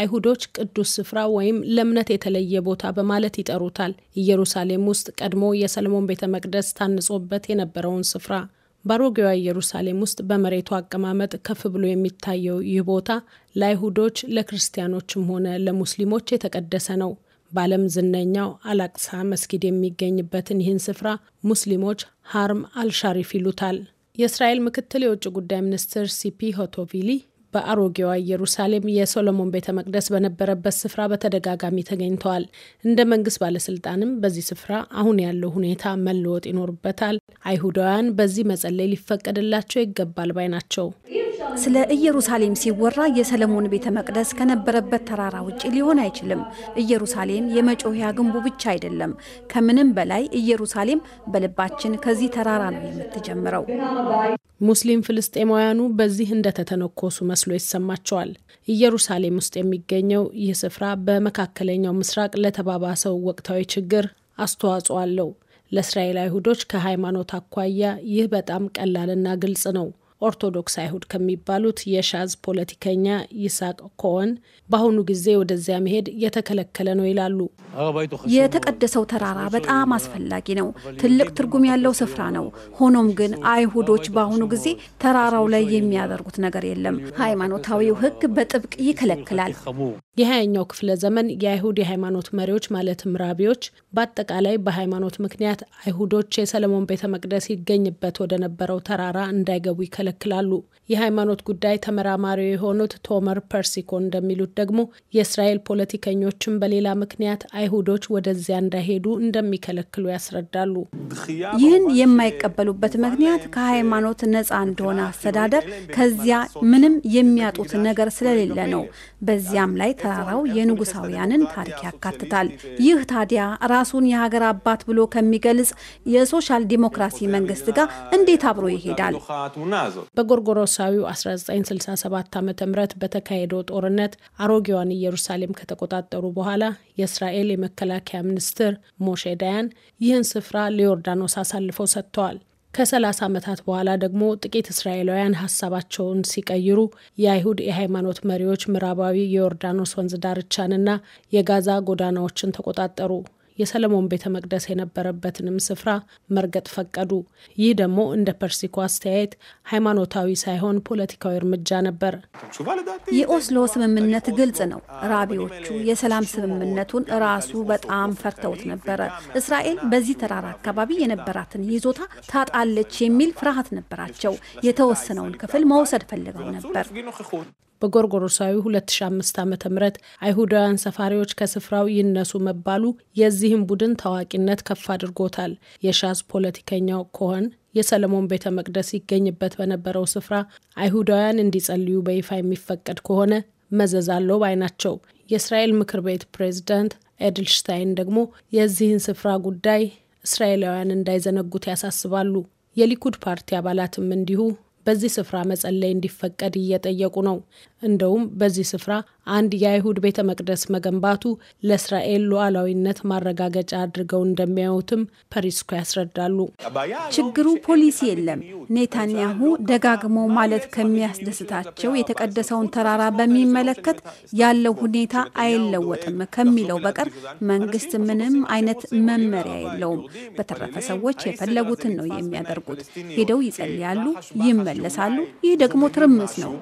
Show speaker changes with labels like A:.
A: አይሁዶች ቅዱስ ስፍራ ወይም ለእምነት የተለየ ቦታ በማለት ይጠሩታል። ኢየሩሳሌም ውስጥ ቀድሞ የሰለሞን ቤተ መቅደስ ታንጾበት የነበረውን ስፍራ ባሮጌዋ ኢየሩሳሌም ውስጥ በመሬቱ አቀማመጥ ከፍ ብሎ የሚታየው ይህ ቦታ ለአይሁዶች ለክርስቲያኖችም ሆነ ለሙስሊሞች የተቀደሰ ነው። በዓለም ዝነኛው አላቅሳ መስጊድ የሚገኝበትን ይህን ስፍራ ሙስሊሞች ሀርም አልሻሪፍ ይሉታል። የእስራኤል ምክትል የውጭ ጉዳይ ሚኒስትር ሲፒ ሆቶቪሊ በአሮጌዋ ኢየሩሳሌም የሶሎሞን ቤተ መቅደስ በነበረበት ስፍራ በተደጋጋሚ ተገኝተዋል። እንደ መንግስት ባለስልጣንም በዚህ ስፍራ አሁን ያለው ሁኔታ መለወጥ ይኖርበታል፣ አይሁዳውያን በዚህ መጸለይ ሊፈቀድላቸው
B: ይገባል ባይ ናቸው። ስለ ኢየሩሳሌም ሲወራ የሰለሞን ቤተ መቅደስ ከነበረበት ተራራ ውጭ ሊሆን አይችልም። ኢየሩሳሌም የመጮሂያ ግንቡ ብቻ አይደለም። ከምንም በላይ ኢየሩሳሌም በልባችን ከዚህ ተራራ ነው የምትጀምረው።
A: ሙስሊም ፍልስጤማውያኑ በዚህ እንደተተነኮሱ መስሎ ይሰማቸዋል። ኢየሩሳሌም ውስጥ የሚገኘው ይህ ስፍራ በመካከለኛው ምስራቅ ለተባባሰው ወቅታዊ ችግር አስተዋጽኦ አለው። ለእስራኤል አይሁዶች ከሃይማኖት አኳያ ይህ በጣም ቀላልና ግልጽ ነው። ኦርቶዶክስ አይሁድ ከሚባሉት የሻዝ ፖለቲከኛ ይስቅ ኮወን በአሁኑ
B: ጊዜ ወደዚያ መሄድ የተከለከለ ነው ይላሉ። የተቀደሰው ተራራ በጣም አስፈላጊ ነው፣ ትልቅ ትርጉም ያለው ስፍራ ነው። ሆኖም ግን አይሁዶች በአሁኑ ጊዜ ተራራው ላይ የሚያደርጉት ነገር የለም። ሃይማኖታዊው ሕግ በጥብቅ ይከለክላል።
A: የሀያኛው ክፍለ ዘመን የአይሁድ የሃይማኖት መሪዎች ማለትም ራቢዎች፣ በአጠቃላይ በሃይማኖት ምክንያት አይሁዶች የሰለሞን ቤተ መቅደስ ይገኝበት ወደ ነበረው ተራራ እንዳይገቡ ይከለ ይከለክላሉ። የሃይማኖት ጉዳይ ተመራማሪ የሆኑት ቶመር ፐርሲኮ እንደሚሉት ደግሞ የእስራኤል ፖለቲከኞችን በሌላ ምክንያት አይሁዶች ወደዚያ እንዳይሄዱ እንደሚከለክሉ ያስረዳሉ።
B: ይህን የማይቀበሉበት ምክንያት ከሃይማኖት ነፃ እንደሆነ አስተዳደር ከዚያ ምንም የሚያጡት ነገር ስለሌለ ነው። በዚያም ላይ ተራራው የንጉሳውያንን ታሪክ ያካትታል። ይህ ታዲያ ራሱን የሀገር አባት ብሎ ከሚገልጽ የሶሻል ዲሞክራሲ መንግስት ጋር እንዴት አብሮ ይሄዳል?
A: በጎርጎሮሳዊው 1967 ዓ ም በተካሄደው ጦርነት አሮጌዋን ኢየሩሳሌም ከተቆጣጠሩ በኋላ የእስራኤል የመከላከያ ሚኒስትር ሞሼ ዳያን ይህን ስፍራ ለዮርዳኖስ አሳልፈው ሰጥተዋል። ከ30 ዓመታት በኋላ ደግሞ ጥቂት እስራኤላውያን ሀሳባቸውን ሲቀይሩ የአይሁድ የሃይማኖት መሪዎች ምዕራባዊ የዮርዳኖስ ወንዝ ዳርቻንና የጋዛ ጎዳናዎችን ተቆጣጠሩ። የሰለሞን ቤተ መቅደስ የነበረበትንም ስፍራ መርገጥ ፈቀዱ። ይህ ደግሞ እንደ ፐርሲኮ አስተያየት
B: ሃይማኖታዊ ሳይሆን ፖለቲካዊ እርምጃ ነበር። የኦስሎ ስምምነት ግልጽ ነው። ራቢዎቹ የሰላም ስምምነቱን ራሱ በጣም ፈርተውት ነበረ። እስራኤል በዚህ ተራራ አካባቢ የነበራትን ይዞታ ታጣለች የሚል ፍርሃት ነበራቸው። የተወሰነውን ክፍል መውሰድ ፈልገው ነበር። በጎርጎሮሳዊ 2005 ዓ ም
A: አይሁዳውያን ሰፋሪዎች ከስፍራው ይነሱ መባሉ የዚህም ቡድን ታዋቂነት ከፍ አድርጎታል። የሻዝ ፖለቲከኛው ኮሆን የሰለሞን ቤተ መቅደስ ይገኝበት በነበረው ስፍራ አይሁዳውያን እንዲጸልዩ በይፋ የሚፈቀድ ከሆነ መዘዝ አለው ባይ ናቸው። የእስራኤል ምክር ቤት ፕሬዝዳንት ኤድልሽታይን ደግሞ የዚህን ስፍራ ጉዳይ እስራኤላውያን እንዳይዘነጉት ያሳስባሉ። የሊኩድ ፓርቲ አባላትም እንዲሁ በዚህ ስፍራ መጸለይ እንዲፈቀድ እየጠየቁ ነው። እንደውም በዚህ ስፍራ አንድ የአይሁድ ቤተ መቅደስ መገንባቱ ለእስራኤል ሉዓላዊነት ማረጋገጫ አድርገው እንደሚያዩትም
B: ፐሪስኮ ያስረዳሉ። ችግሩ ፖሊሲ የለም። ኔታንያሁ ደጋግሞ ማለት ከሚያስደስታቸው የተቀደሰውን ተራራ በሚመለከት ያለው ሁኔታ አይለወጥም ከሚለው በቀር መንግስት ምንም አይነት መመሪያ የለውም። በተረፈ ሰዎች የፈለጉትን ነው የሚያደርጉት። ሄደው ይጸልያሉ፣ ይመ ይመለሳሉ። ይህ ደግሞ ትርምስ ነው።